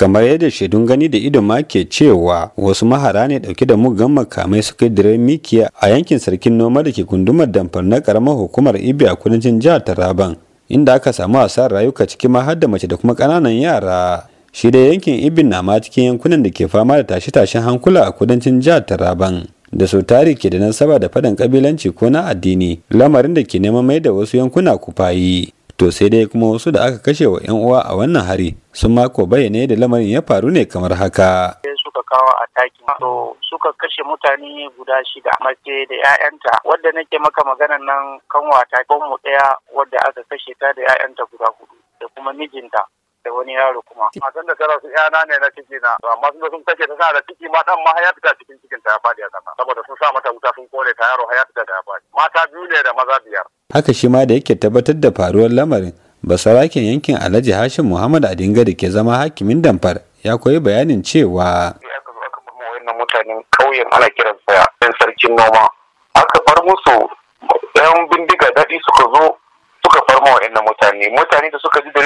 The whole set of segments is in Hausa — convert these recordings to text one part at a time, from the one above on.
kamar yadda shaidun gani da ido ma ke cewa wasu mahara ne dauke da mugan makamai suka dire mikiya a yankin sarkin noma da ke gundumar damfar na karamar hukumar ibi a kudancin jihar taraban inda aka samu asarar rayuka ciki ma mace da kuma kananan yara shi da yankin ibin na ma cikin yankunan da ke fama da tashe-tashen hankula a kudancin jihar taraban da su tari ke da nasaba da faɗan kabilanci ko na addini lamarin da ke neman mai da wasu yankuna kufayi to sai dai kuma wasu da aka kashe wa 'yan uwa a wannan hari sun mako bayyane da lamarin ya faru ne kamar haka suka kawo a taki to suka kashe mutane guda shida mace da 'ya'yanta wadda nake maka maganan nan kanwata mu ɗaya wadda aka kashe ta da 'ya'yanta guda hudu da kuma mijinta da wani yaro kuma matan da tara su yana ne na ciki na amma sun sun take ta da ciki ma dan ma ya fita cikin cikin ta ya fadi a kasa saboda sun sa mata wuta sun kone ta yaro ya fita da ya fadi mata biyu ne da maza biyar haka shi ma da yake tabbatar da faruwar lamarin basarakin yankin alhaji hashim muhammad adinga da ke zama hakimin damfar ya koyi bayanin cewa mutanen ƙauyen ana saya. yan sarkin noma aka far musu yan bindiga daɗi suka zo suka farma wa'annan mutane mutane da suka ji da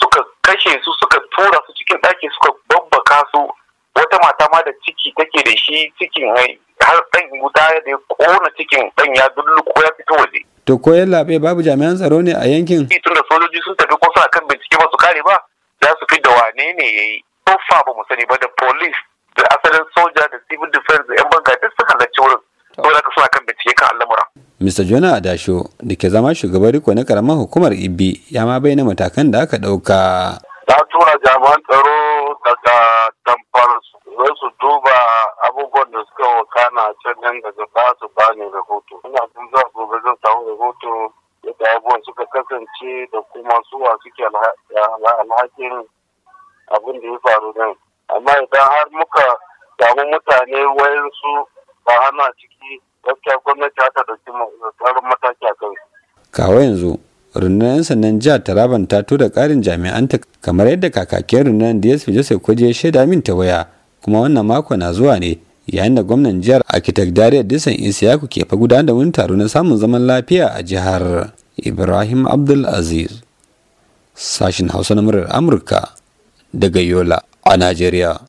suka kashe su suka tura su cikin ɗaki suka babbaka su wata mata ma da ciki take da shi cikin har ɗan wuta da ya kona cikin ɗan ya dulluko ya fito waje. To ko ya babu jami'an tsaro ne a yankin? Tun da sojoji sun tafi ko suna kan bincike ba su kare ba za su fi da wane ne ya yi. So far ba mu sani ba da police da asalin soja da civil defense da 'yan Mr. Jona Adasho da ke zama shugaban riko na karamar hukumar ibi ya ma bayyana matakan da aka ɗauka. Ta tura jami'an tsaro daga tamfar zai su duba abubuwan da suka wakana can yan daga ba su ba ne rahoto. Ina sun za su gobe zan samu rahoto yadda abubuwan suka kasance da kuma suwa suke alhakin abin da ya faru nan. Amma idan har muka samu mutane wayansu ba hana ciki gaskiya gwamnati ta dauki tsarin mataki a kai kawo yanzu rundunar 'yan jihar taraban ta tura karin jami'anta kamar yadda kakakin rundunar dsp joseph kwaje ya shaida min ta waya kuma wannan mako na zuwa ne yayin da gwamnan jihar architect dariyar disan isiyaku ke fa gudanar da wani taro na samun zaman lafiya a jihar ibrahim abdul aziz sashin hausa na murar amurka daga yola a najeriya